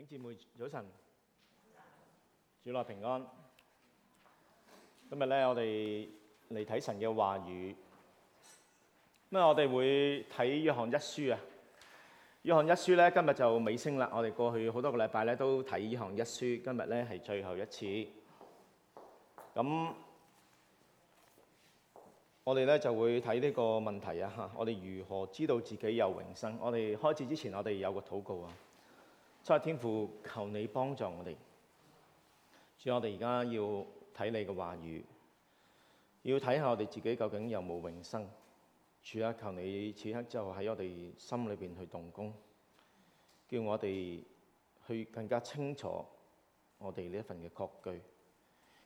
弟兄姊妹，早晨，主內平安。今日咧，我哋嚟睇神嘅話語。咁啊，我哋會睇約翰一書啊。約翰一書咧，今日就尾聲啦。我哋過去好多個禮拜咧都睇約翰一書，今日咧係最後一次。咁，我哋咧就會睇呢個問題啊。吓，我哋如何知道自己有永生？我哋開始之前，我哋有個禱告啊。所以天父，求你幫助我哋。主要我哋而家要睇你嘅話語，要睇下我哋自己究竟有冇永生。主啊，求你此刻就喺我哋心裏邊去動工，叫我哋去更加清楚我哋呢一份嘅確據，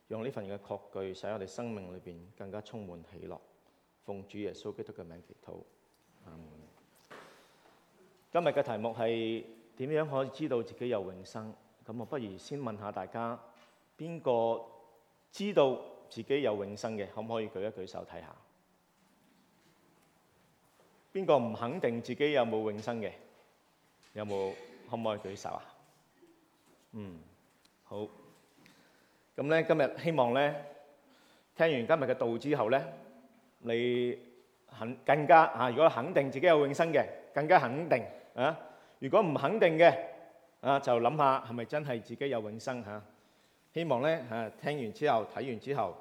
用呢份嘅確據使我哋生命裏邊更加充滿喜樂。奉主耶穌基督嘅名祈禱，Amen. 今日嘅題目係。點樣可以知道自己有永生？咁我不如先問下大家，邊個知道自己有永生嘅，可唔可以舉一舉手睇下？邊個唔肯定自己有冇永生嘅，有冇可唔可以舉手啊？嗯，好。咁咧，今日希望咧，聽完今日嘅道之後咧，你肯更加啊，如果肯定自己有永生嘅，更加肯定啊。如果唔肯定嘅，啊就諗下係咪真係自己有永生嚇、啊？希望咧嚇、啊、聽完之後睇完之後，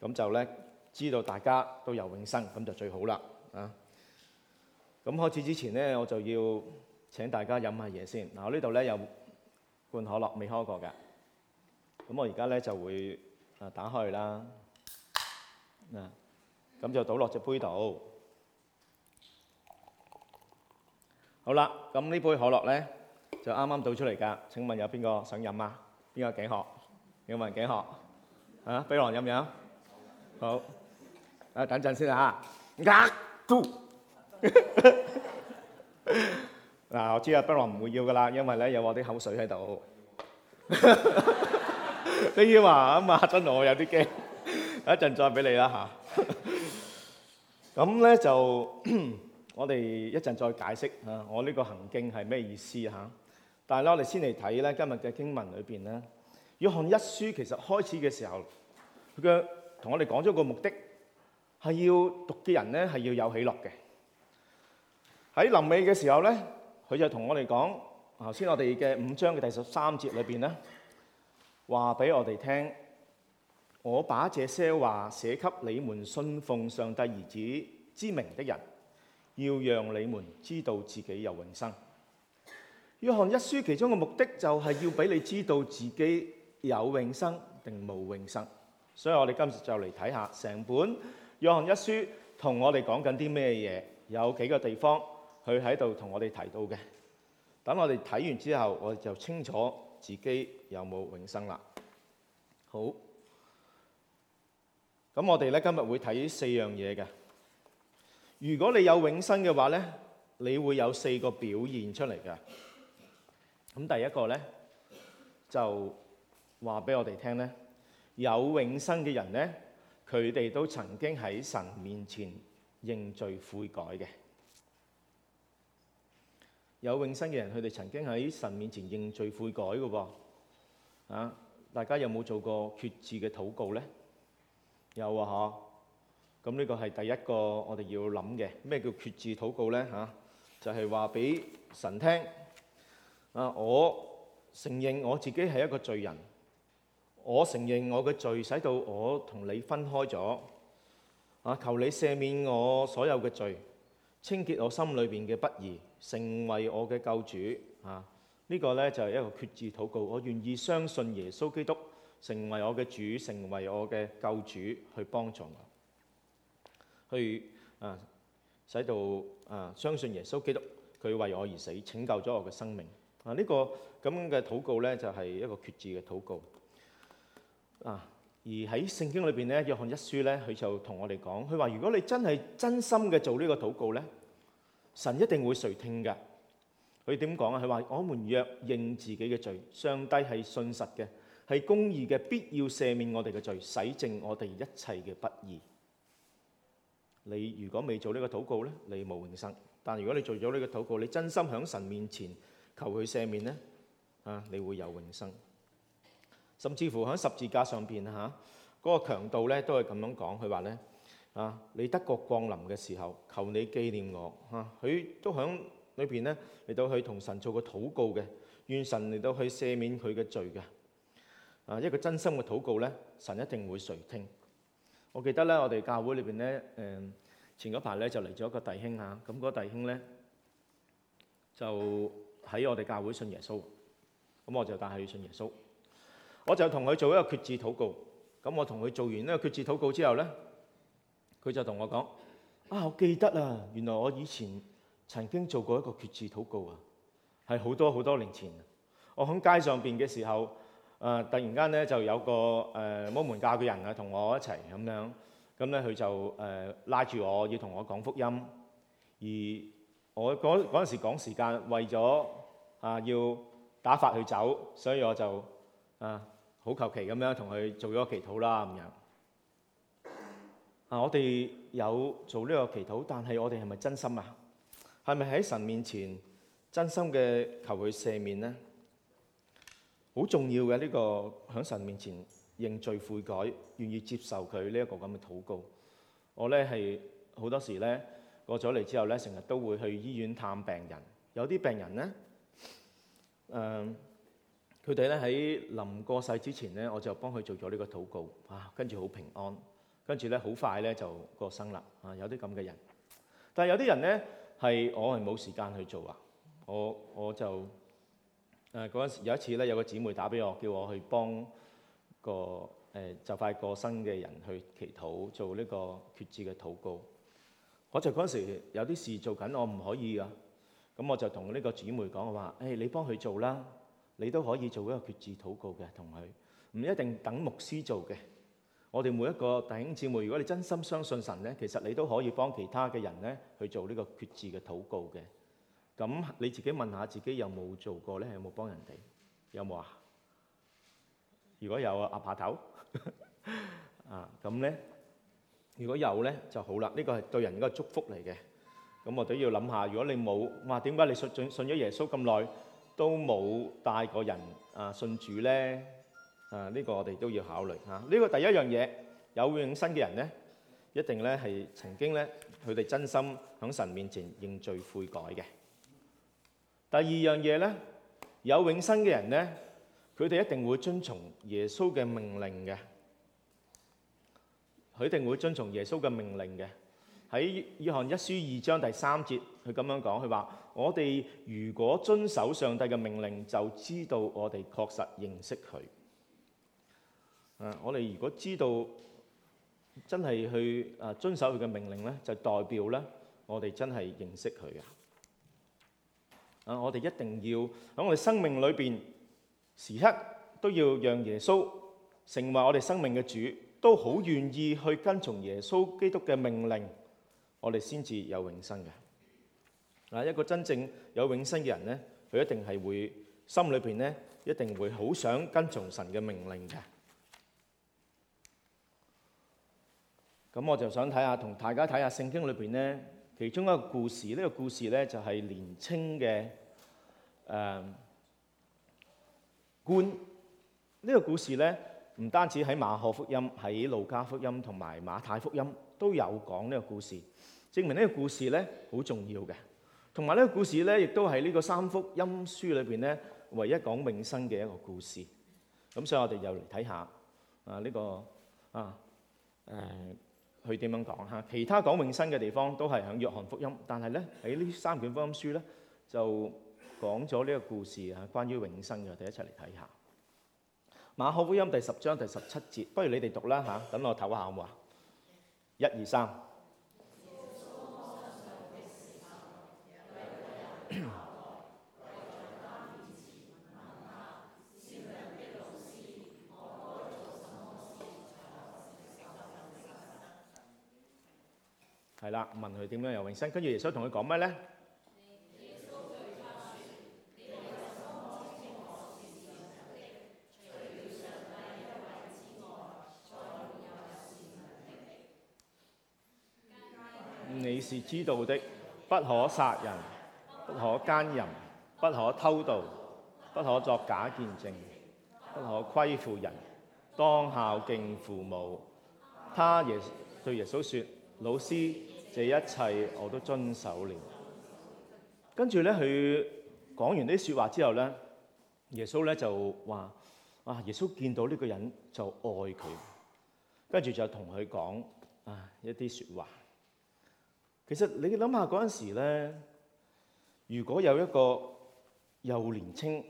咁就咧知道大家都有永生，咁就最好啦啊！咁開始之前咧，我就要請大家飲下嘢先。嗱，我呢度咧有罐可樂未開過㗎，咁我而家咧就會啊打開啦，啊咁就倒落隻杯度。好啦，咁呢杯可樂咧就啱啱倒出嚟噶。請問有邊個想飲啊？邊個頸渴？有冇人頸渴？嚇，飛狼飲唔飲？好，啊等陣先啦嚇。壓住。嗱，我知阿飛狼唔會要噶啦，因為咧有我啲口水喺度。飛狼話啊嘛，真係我有啲驚，一陣再俾你啦嚇。咁咧就。我哋一陣再解釋啊！我呢個行徑係咩意思嚇？但係咧，我哋先嚟睇咧今日嘅經文裏邊咧，《約翰一書》其實開始嘅時候，佢嘅同我哋講咗個目的係要讀嘅人咧係要有喜樂嘅。喺臨尾嘅時候咧，佢就同我哋講，頭先我哋嘅五章嘅第十三節裏邊咧，話俾我哋聽：我把這些話寫給你們，信奉上帝兒子之名的人。要讓你們知道自己有永生。約翰一書其中嘅目的就係要俾你知道自己有永生定冇永生。所以我哋今次就嚟睇下成本約翰一書同我哋講緊啲咩嘢，有幾個地方佢喺度同我哋提到嘅。等我哋睇完之後，我就清楚自己有冇永生啦。好，咁我哋咧今日會睇四樣嘢嘅。如果你有永生嘅話咧，你會有四個表現出嚟嘅。咁第一個咧，就話俾我哋聽咧，有永生嘅人咧，佢哋都曾經喺神面前認罪悔改嘅。有永生嘅人，佢哋曾經喺神面前認罪悔改嘅噃。啊，大家有冇做過決志嘅禱告咧？有啊，吓。咁呢個係第一個我哋要諗嘅。咩叫決志禱告呢？嚇，就係話俾神聽啊！我承認我自己係一個罪人，我承認我嘅罪使到我同你分開咗啊！求你赦免我所有嘅罪，清潔我心裏邊嘅不義，成為我嘅救主啊！呢個呢就係一個決志禱告。我願意相信耶穌基督成為我嘅主，成為我嘅救主，去幫助我。去啊，使到啊相信耶穌基督，佢為我而死，拯救咗我嘅生命。啊，呢個咁樣嘅禱告咧，就係一個決志嘅禱告。啊，而喺聖經裏邊咧，《約翰一書》咧，佢就同我哋講，佢話：如果你真係真心嘅做呢個禱告咧，神一定會垂聽㗎。佢點講啊？佢話：我們若認自己嘅罪，上帝係信實嘅，係公義嘅，必要赦免我哋嘅罪，洗淨我哋一切嘅不義。你如果未做呢個禱告咧，你冇永生；但如果你做咗呢個禱告，你真心響神面前求佢赦免咧，啊，你會有永生。甚至乎喺十字架上邊吓，嗰個強盜咧都係咁樣講，佢話咧啊，你得國降臨嘅時候，求你紀念我。吓，佢都響裏邊咧嚟到去同神做個禱告嘅，願神嚟到去赦免佢嘅罪嘅。啊，一個真心嘅禱告咧，神一定會垂聽。我記得咧，我哋教會裏邊咧，誒前嗰排咧就嚟咗一個弟兄嚇，咁嗰弟兄咧就喺我哋教會信耶穌，咁我就帶佢去信耶穌，我就同佢做一個決志禱告，咁我同佢做完呢個決志禱告之後咧，佢就同我講：啊，我記得啦，原來我以前曾經做過一個決志禱告啊，係好多好多年前，我喺街上邊嘅時候。誒、啊，突然間咧就有個誒摩、呃、門教嘅人啊，同我一齊咁樣，咁咧佢就誒、呃、拉住我要同我講福音，而我嗰嗰陣時講時間，為咗啊要打發佢走，所以我就啊好求其咁樣同佢做咗個祈禱啦咁樣。啊，我哋有做呢個祈禱，但係我哋係咪真心啊？係咪喺神面前真心嘅求佢赦免咧？好重要嘅呢、呢個喺神面前認罪悔改，願意接受佢呢一個咁嘅禱告。我咧係好多時咧過咗嚟之後咧，成日都會去醫院探病人。有啲病人咧，誒、嗯，佢哋咧喺臨過世之前咧，我就幫佢做咗呢個禱告啊，跟住好平安，跟住咧好快咧就過身啦啊！有啲咁嘅人，但係有啲人咧係我係冇時間去做啊，我我就。誒嗰陣時有一次咧，有個姊妹打俾我，叫我去幫個誒就快過身嘅人去祈禱，做呢個決志嘅禱告。我就嗰陣時有啲事做緊，我唔可以㗎。咁我就同呢個姊妹講話：誒，hey，你幫佢做啦，你都可以做一個決志禱告嘅，同佢唔一定等牧師做嘅。我哋每一個弟兄姊妹，如果你真心相信神咧，其實你都可以幫其他嘅人咧去做呢個決志嘅禱告嘅。咁你自己問下自己有冇做過咧？有冇幫人哋？有冇啊？如果有啊，阿爸頭啊，咁咧如果有咧就好啦。呢個係對人一個祝福嚟嘅。咁我哋都要諗下，如果你冇，哇點解你信信信咗耶穌咁耐都冇帶個人啊信主咧？啊呢個我哋都要考慮嚇。呢個第一樣嘢有永生嘅人咧，一定咧係曾經咧佢哋真心喺神面前認罪悔改嘅。第二樣嘢咧，有永生嘅人咧，佢哋一定會遵從耶穌嘅命令嘅。佢一定會遵從耶穌嘅命令嘅。喺《約翰一書》二章第三節，佢咁樣講，佢話：我哋如果遵守上帝嘅命令，就知道我哋確實認識佢。誒，我哋如果知道真係去誒遵守佢嘅命令咧，就代表咧，我哋真係認識佢嘅。啊！我哋一定要喺我哋生命裏邊，時刻都要讓耶穌成為我哋生命嘅主，都好願意去跟從耶穌基督嘅命令，我哋先至有永生嘅。嗱，一個真正有永生嘅人咧，佢一定係會心裏邊咧，一定會好想跟從神嘅命令嘅。咁我就想睇下，同大家睇下聖經裏邊咧。其中一個故事，呢、這個故事咧就係年青嘅誒官。呢、呃這個故事咧唔單止喺馬可福音、喺路加福音同埋馬太福音都有講呢個故事，證明呢個故事咧好重要嘅。同埋呢個故事咧，亦都係呢個三福音書裏邊咧唯一講永生嘅一個故事。咁所以我哋又嚟睇下誒呢、啊這個啊誒。嗯佢點樣講嚇？其他講永生嘅地方都係喺約翰福音，但係咧喺呢三卷福音書咧就講咗呢個故事啊，關於永生嘅，我哋一齊嚟睇下馬可福音第十章第十七節，不如你哋讀啦嚇、啊，等我唞下好唔好啊？一、二、三。問佢點樣有永生，跟住耶穌同佢講咩咧？你是知道的，不可殺人，不可奸淫，不可偷盜，不可作假見證，不可虧負人，當孝敬父母。他耶對耶穌說：老師。這一切我都遵守你了。跟住咧，佢講完呢啲説話之後咧，耶穌咧就話：啊，耶穌見到呢個人就愛佢，跟住就同佢講啊一啲説話。其實你哋諗下嗰陣時咧，如果有一個又年青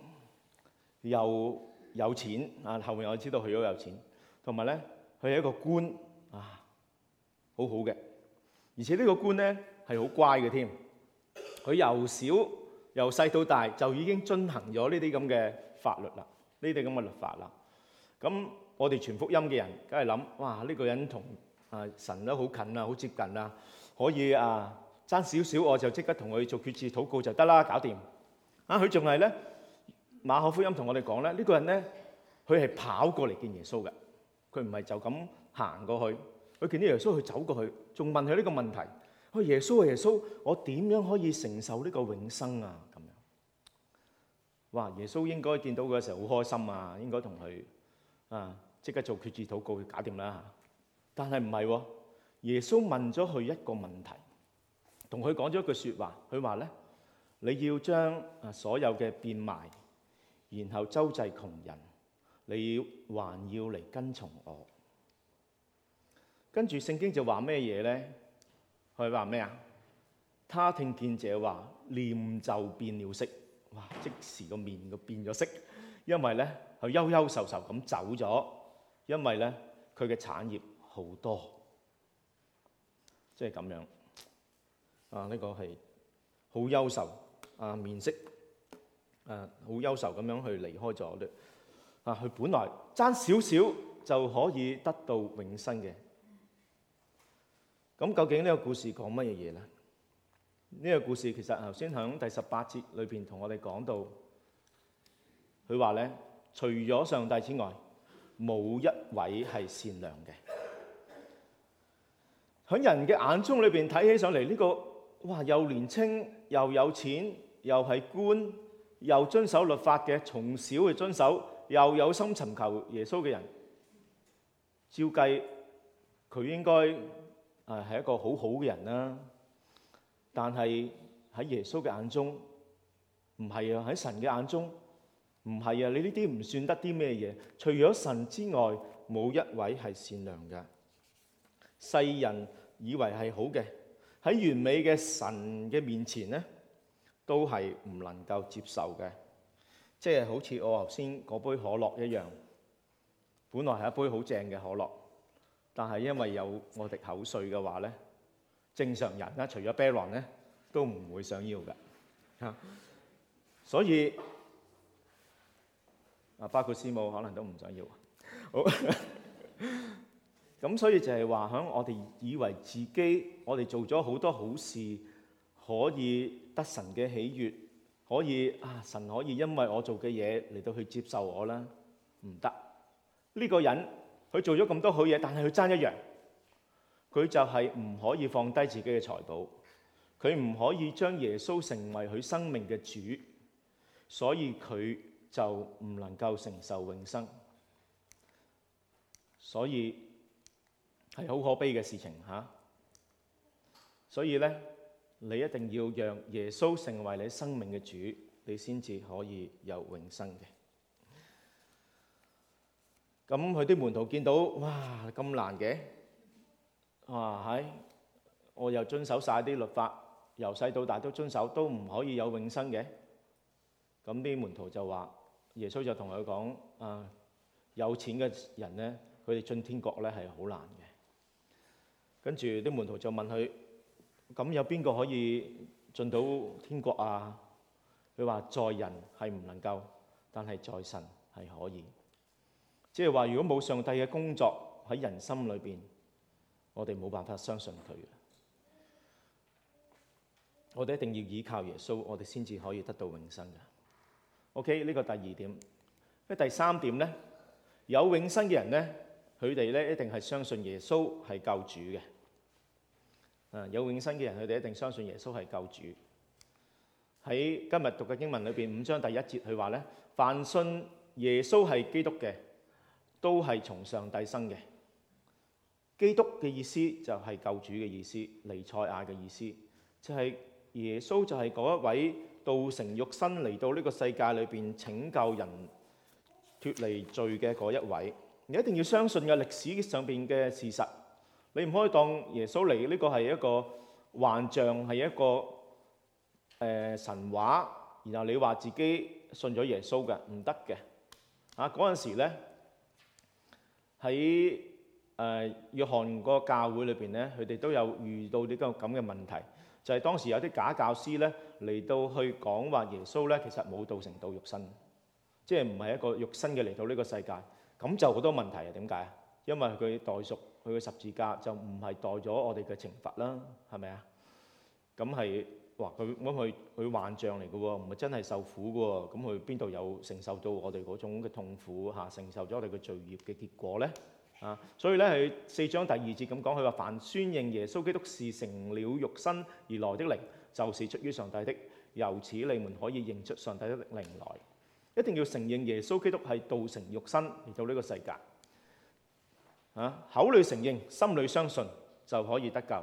又有錢啊，後面我知道佢好有錢，同埋咧佢係一個官啊，好好嘅。而且呢個官咧係好乖嘅添，佢由小由細到大就已經遵行咗呢啲咁嘅法律啦，呢啲咁嘅律法啦。咁我哋傳福音嘅人，梗係諗：哇！呢個人同啊神都好近啊，好接近啊，可以啊爭少少，我就即刻同佢做決志禱告就得啦，搞掂。啊，佢仲係咧馬可福音同我哋講咧，呢個人咧，佢係跑過嚟見耶穌嘅，佢唔係就咁行過去。佢見到耶穌，佢走過去，仲問佢呢個問題，佢耶穌啊，耶穌，我點樣可以承受呢個永生啊？咁樣，哇！耶穌應該見到佢嘅時候好開心啊，應該同佢啊即刻做決志禱告，去搞掂啦！但係唔係喎？耶穌問咗佢一個問題，同佢講咗一句説話，佢話咧：你要將啊所有嘅變賣，然後周濟窮人，你要還要嚟跟從我。跟住聖經就話咩嘢咧？佢話咩啊？他聽見這話，臉就變了色。哇！即時個面都變咗色，因為咧佢憂憂愁愁咁走咗，因為咧佢嘅產業好多，即係咁樣啊！呢個係好憂愁啊，面色啊，好憂愁咁樣去離開咗的啊。佢本來爭少少就可以得到永生嘅。咁究竟呢個故事講乜嘢嘢咧？呢個故事其實頭先喺第十八節裏邊同我哋講到，佢話咧，除咗上帝之外，冇一位係善良嘅。喺人嘅眼中裏邊睇起上嚟，呢個哇又年青，又有錢，又係官，又遵守律法嘅，從小就遵守，又有心尋求耶穌嘅人，照計佢應該，啊，係一個好好嘅人啦，但係喺耶穌嘅眼中，唔係啊！喺神嘅眼中，唔係啊！你呢啲唔算得啲咩嘢？除咗神之外，冇一位係善良嘅。世人以為係好嘅，喺完美嘅神嘅面前咧，都係唔能夠接受嘅。即係好似我頭先嗰杯可樂一樣，本來係一杯好正嘅可樂。但係因為有我哋口水嘅話咧，正常人咧，除咗 balloon 咧，都唔會想要嘅嚇。所以啊，包括師母可能都唔想要。好，咁所以就係話響我哋以為自己，我哋做咗好多好事，可以得神嘅喜悅，可以啊，神可以因為我做嘅嘢嚟到去接受我啦，唔得。呢個人。佢做咗咁多好嘢，但係佢爭一樣，佢就係唔可以放低自己嘅財寶，佢唔可以將耶穌成為佢生命嘅主，所以佢就唔能夠承受永生。所以係好可悲嘅事情吓，啊，所以咧，你一定要讓耶穌成為你生命嘅主，你先至可以有永生嘅。咁佢啲門徒見到，哇咁難嘅！哇係，我又遵守晒啲律法，由細到大都遵守，都唔可以有永生嘅？咁啲門徒就話：耶穌就同佢講，啊有錢嘅人咧，佢哋進天國咧係好難嘅。跟住啲門徒就問佢：咁有邊個可以進到天國啊？佢話：在人係唔能夠，但係在神係可以。即係話，如果冇上帝嘅工作喺人心裏邊，我哋冇辦法相信佢嘅。我哋一定要依靠耶穌，我哋先至可以得到永生嘅。OK，呢個第二點。第三點呢，有永生嘅人呢，佢哋咧一定係相信耶穌係救主嘅。有永生嘅人，佢哋一定相信耶穌係救主。喺今日讀嘅經文裏邊，五章第一節佢話咧：凡信耶穌係基督嘅。都係從上帝生嘅。基督嘅意思就係救主嘅意思，尼賽亞嘅意思就係、是，耶穌就係嗰一位道成肉身嚟到呢個世界裏邊拯救人脫離罪嘅嗰一位。你一定要相信嘅歷史上邊嘅事實，你唔可以當耶穌嚟呢個係一個幻象，係一個誒、呃、神話，然後你話自己信咗耶穌嘅唔得嘅。啊，嗰陣時咧。喺誒約翰個教會裏邊咧，佢哋都有遇到呢個咁嘅問題，就係、是、當時有啲假教師咧嚟到去講話耶穌咧，其實冇道成道肉身，即係唔係一個肉身嘅嚟到呢個世界，咁就好多問題啊，點解啊？因為佢代贖，佢嘅十字架就唔係代咗我哋嘅懲罰啦，係咪啊？咁係。哇！佢咁佢佢幻象嚟嘅喎，唔係真係受苦嘅喎。咁佢邊度有承受到我哋嗰種嘅痛苦嚇？承受咗我哋嘅罪孽嘅結果咧啊！所以咧喺四章第二節咁講，佢話凡宣認耶穌基督是成了肉身而來的靈，就是出於上帝的。由此你們可以認出上帝的靈來。一定要承認耶穌基督係道成肉身嚟到呢個世界。啊，口裏承認，心裏相信，就可以得救。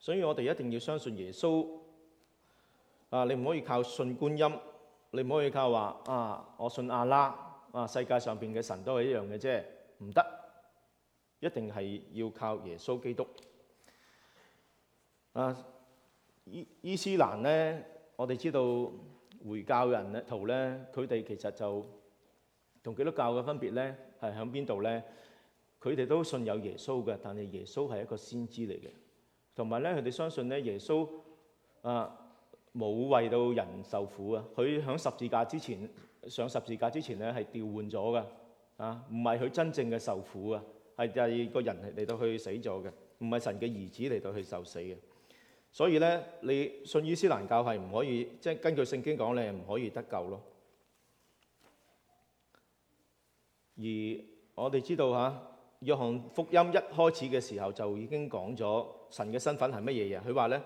所以我哋一定要相信耶穌啊！你唔可以靠信觀音，你唔可以靠話啊！我信阿拉啊！世界上邊嘅神都係一樣嘅啫，唔得，一定係要靠耶穌基督啊！伊伊斯蘭咧，我哋知道回教人咧、徒咧，佢哋其實就同基督教嘅分別咧係喺邊度咧？佢哋都信有耶穌嘅，但係耶穌係一個先知嚟嘅。同埋咧，佢哋相信咧，耶穌啊冇為到人受苦啊！佢喺十字架之前，上十字架之前咧，係調換咗噶啊，唔係佢真正嘅受苦啊，係第二個人嚟到去死咗嘅，唔係神嘅兒子嚟到去受死嘅。所以咧，你信伊斯蘭教係唔可以，即係根據聖經講，你係唔可以得救咯。而我哋知道吓，約翰福音一開始嘅時候就已經講咗。神嘅身份係乜嘢啊？佢話咧，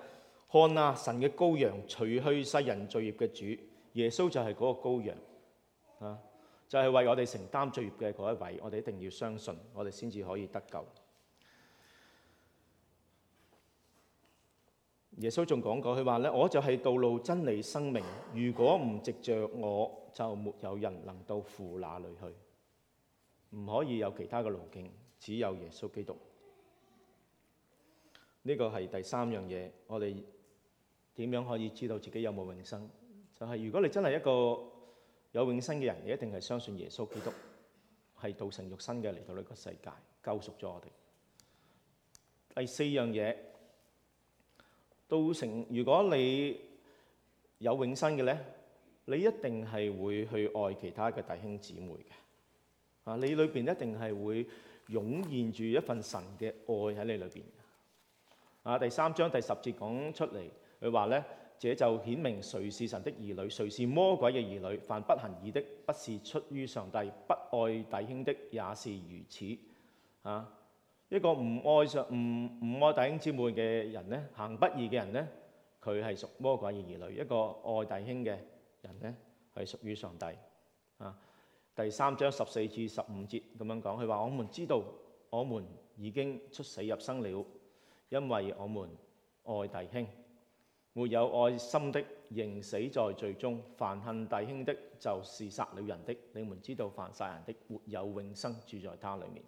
看啊，神嘅羔羊，除去世人罪孽嘅主耶穌就係嗰個羔羊，啊，就係為我哋承擔罪孽嘅嗰一位。我哋一定要相信，我哋先至可以得救。耶穌仲講過，佢話咧，我就係道路真理生命。如果唔藉着我，就沒有人能到父那裏去，唔可以有其他嘅路徑，只有耶穌基督。呢個係第三樣嘢，我哋點樣可以知道自己有冇永生？就係如果你真係一個有永生嘅人，你一定係相信耶穌基督係道成肉身嘅嚟到呢個世界，救贖咗我哋。第四樣嘢，道成如果你有永生嘅咧，你一定係會去愛其他嘅弟兄姊妹嘅啊！你裏邊一定係會湧現住一份神嘅愛喺你裏邊。啊，第三章第十節講出嚟，佢話咧，這就顯明誰是神的兒女，誰是魔鬼嘅兒女。凡不行義的，不是出於上帝；不愛弟兄的，也是如此。啊，一個唔愛上唔唔愛弟兄姊妹嘅人咧，行不義嘅人咧，佢係屬魔鬼嘅兒女。一個愛弟兄嘅人咧，係屬於上帝。啊，第三章十四至十五節咁樣講，佢話我們知道，我們已經出死入生了。因為我們愛弟兄，沒有愛心的，仍死在罪中；凡恨弟兄的，就是殺了人的。你們知道，凡殺人的，沒有永生住在他裏面。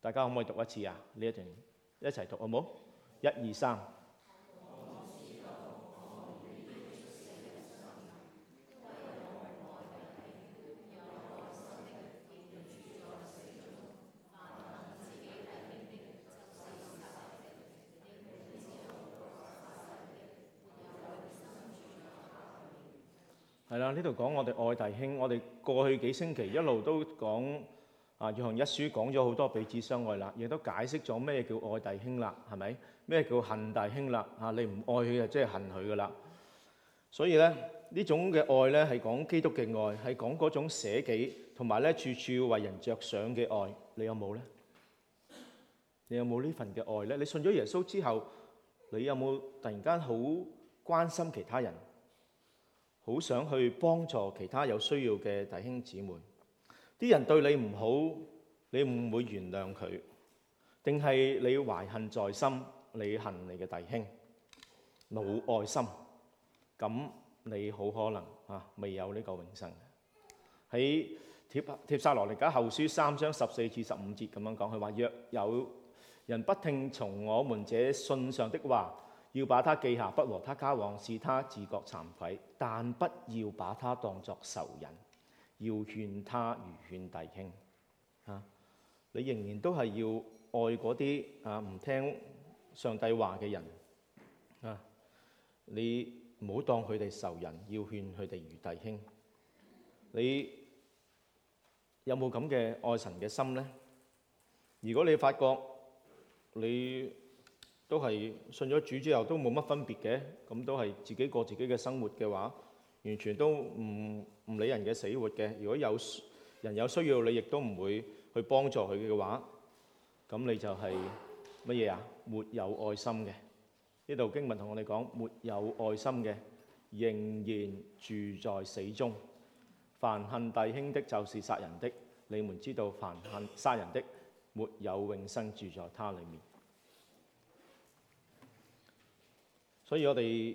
大家可唔可以讀一次啊？呢一段一齊讀好冇？一、二、三。係啦，呢度講我哋愛弟兄。我哋過去幾星期一路都講啊，約翰一書講咗好多彼此相愛啦，亦都解釋咗咩叫愛弟兄啦，係咪？咩叫恨弟兄啦？啊，你唔愛佢就即係恨佢㗎啦。所以咧，呢種嘅愛咧係講基督嘅愛，係講嗰種捨己同埋咧，處處為人著想嘅愛。你有冇咧？你有冇呢份嘅愛咧？你信咗耶穌之後，你有冇突然間好關心其他人？好想去幫助其他有需要嘅弟兄姊妹。啲人對你唔好，你唔會原諒佢？定係你懷恨在心，你恨你嘅弟兄，冇愛心，咁你好可能嚇、啊、未有呢個永生。喺帖帖撒羅尼迦後書三章十四至十五節咁樣講，佢話：若有人不聽從我們這信上的話，要把他記下，不和他交往，使他自覺慚愧，但不要把他當作仇人，要勸他如勸弟兄。啊，你仍然都係要愛嗰啲啊唔聽上帝話嘅人啊，你唔好當佢哋仇人，要勸佢哋如弟兄。你有冇咁嘅愛神嘅心呢？如果你發覺你，都係信咗主之後都冇乜分別嘅，咁都係自己過自己嘅生活嘅話，完全都唔唔理人嘅死活嘅。如果有人有需要，你亦都唔會去幫助佢嘅話，咁你就係乜嘢啊？沒有愛心嘅。呢度經文同我哋講，沒有愛心嘅，仍然住在死中。凡恨弟兄的，就是殺人的。你們知道，凡恨殺人的，沒有永生住在他裡面。所以我哋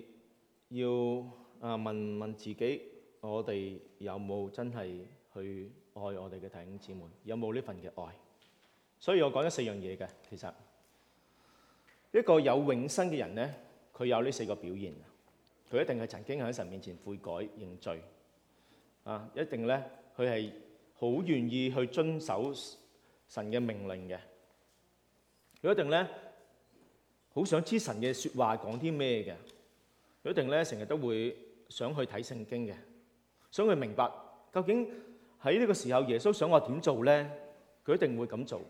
要啊問問自己，我哋有冇真係去愛我哋嘅弟兄姊妹？有冇呢份嘅愛？所以我講咗四樣嘢嘅，其實一個有永生嘅人咧，佢有呢四個表現，佢一定係曾經喺神面前悔改認罪啊！一定咧，佢係好願意去遵守神嘅命令嘅。佢一定咧。好想知神嘅説話講啲咩嘅，佢一定咧成日都會想去睇聖經嘅，想去明白究竟喺呢個時候耶穌想我點做咧，佢一定會咁做。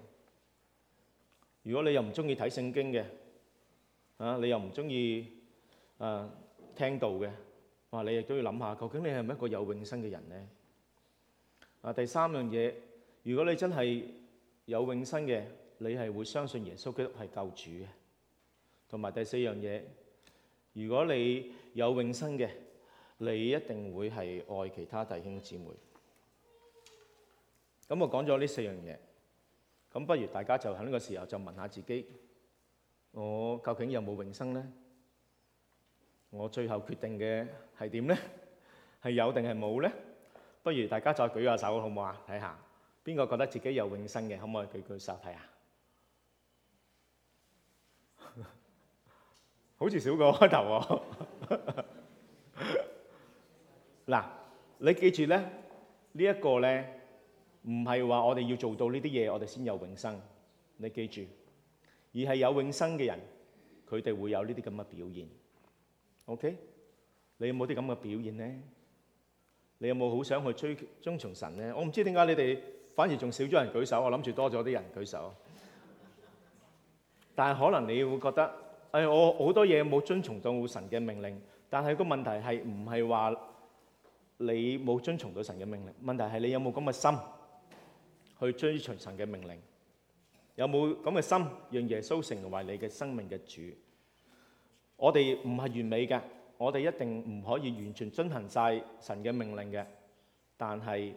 如果你又唔中意睇聖經嘅，啊你又唔中意誒聽道嘅，哇你亦都要諗下，究竟你係咪一個有永生嘅人咧？啊第三樣嘢，如果你真係有永生嘅，你係會相信耶穌基督係救主嘅。同埋第四樣嘢，如果你有永生嘅，你一定會係愛其他弟兄姊妹。咁我講咗呢四樣嘢，咁不如大家就喺呢個時候就問下自己：我究竟有冇永生呢？我最後決定嘅係點呢？係有定係冇呢？不如大家再舉下手，好唔好啊？睇下邊個覺得自己有永生嘅，可唔可以舉舉手睇下？好似少個開頭喎。嗱，你記住咧，呢一個咧，唔係話我哋要做到呢啲嘢，我哋先有永生。你記住，而係有永生嘅人，佢哋會有呢啲咁嘅表現。OK，你有冇啲咁嘅表現咧？你有冇好想去追遵從神咧？我唔知點解你哋反而仲少咗人舉手，我諗住多咗啲人舉手。但係可能你會覺得。係我好多嘢冇遵從到神嘅命令，但係個問題係唔係話你冇遵從到神嘅命令？問題係你有冇咁嘅心去遵從神嘅命令？有冇咁嘅心讓耶穌成為你嘅生命嘅主？我哋唔係完美嘅，我哋一定唔可以完全遵行晒神嘅命令嘅。但係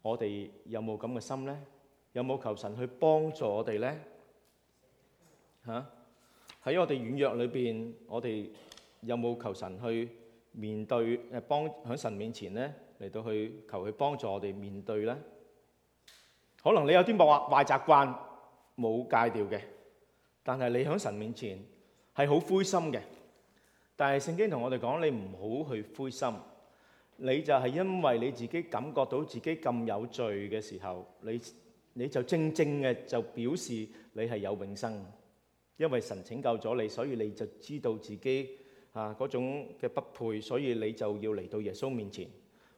我哋有冇咁嘅心咧？有冇求神去幫助我哋咧？吓？喺我哋軟弱裏邊，我哋有冇求神去面對誒幫喺神面前咧，嚟到去求佢幫助我哋面對咧？可能你有啲話壞習慣冇戒掉嘅，但係你喺神面前係好灰心嘅。但係聖經同我哋講，你唔好去灰心，你就係因為你自己感覺到自己咁有罪嘅時候，你你就正正嘅就表示你係有永生。因為神拯救咗你，所以你就知道自己啊嗰種嘅不配，所以你就要嚟到耶穌面前，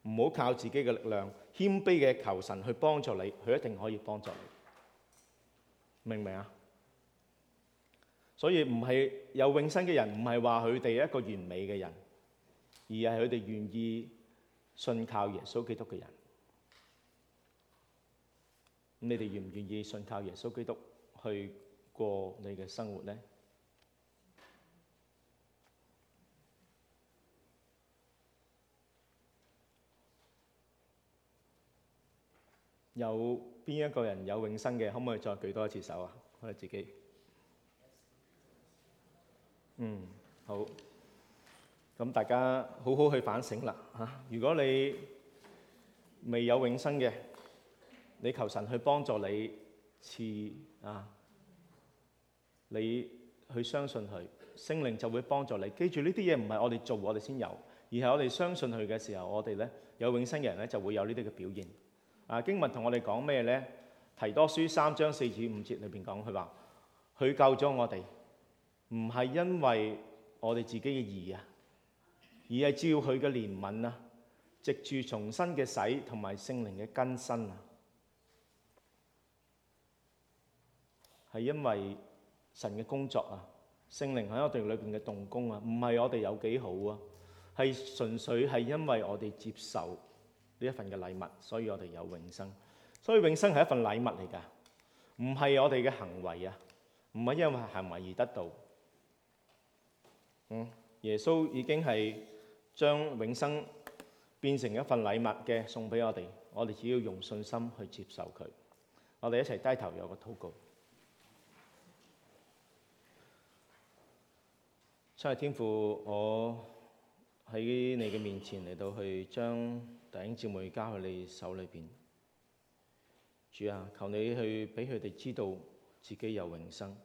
唔好靠自己嘅力量，謙卑嘅求神去幫助你，佢一定可以幫助你，明唔明啊？所以唔係有永生嘅人，唔係話佢哋一個完美嘅人，而係佢哋願意信靠耶穌基督嘅人。咁你哋願唔願意信靠耶穌基督去？過你嘅生活呢，有邊一個人有永生嘅？可唔可以再舉多一次手啊？我哋自己，嗯，好，咁大家好好去反省啦嚇。如果你未有永生嘅，你求神去幫助你，似啊～你去相信佢，聖靈就會幫助你。記住呢啲嘢唔係我哋做，我哋先有，而係我哋相信佢嘅時候，我哋咧有永生嘅人咧就會有呢啲嘅表現。啊，經文同我哋講咩咧？提多書三章四至五節裏邊講，佢話佢救咗我哋，唔係因為我哋自己嘅義啊，而係照佢嘅憐憫啊，藉住重生嘅洗同埋聖靈嘅更新啊，係因為。神嘅工作啊，聖靈喺我哋裏邊嘅動工啊，唔係我哋有幾好啊，係純粹係因為我哋接受呢一份嘅禮物，所以我哋有永生。所以永生係一份禮物嚟㗎，唔係我哋嘅行為啊，唔係因為行為而得到。嗯，耶穌已經係將永生變成一份禮物嘅，送俾我哋。我哋只要用信心去接受佢。我哋一齊低頭有個禱告。真係天父，我喺你嘅面前嚟到去將弟兄姊妹交去你手裏邊。主啊，求你去俾佢哋知道自己有永生。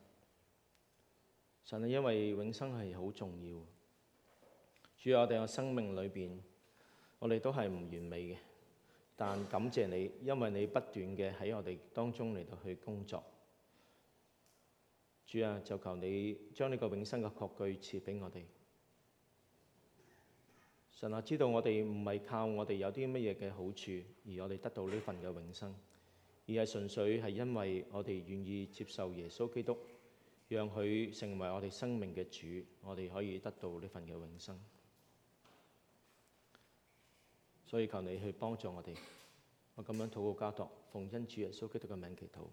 神啊，因為永生係好重要。主啊，我哋嘅生命裏邊，我哋都係唔完美嘅，但感謝你，因為你不斷嘅喺我哋當中嚟到去工作。主啊，就求你將呢個永生嘅確據賜俾我哋。神啊，知道我哋唔係靠我哋有啲乜嘢嘅好處而我哋得到呢份嘅永生，而係純粹係因為我哋願意接受耶穌基督，讓佢成為我哋生命嘅主，我哋可以得到呢份嘅永生。所以求你去幫助我哋。我咁樣禱告交託奉恩主耶穌基督嘅名祈禱。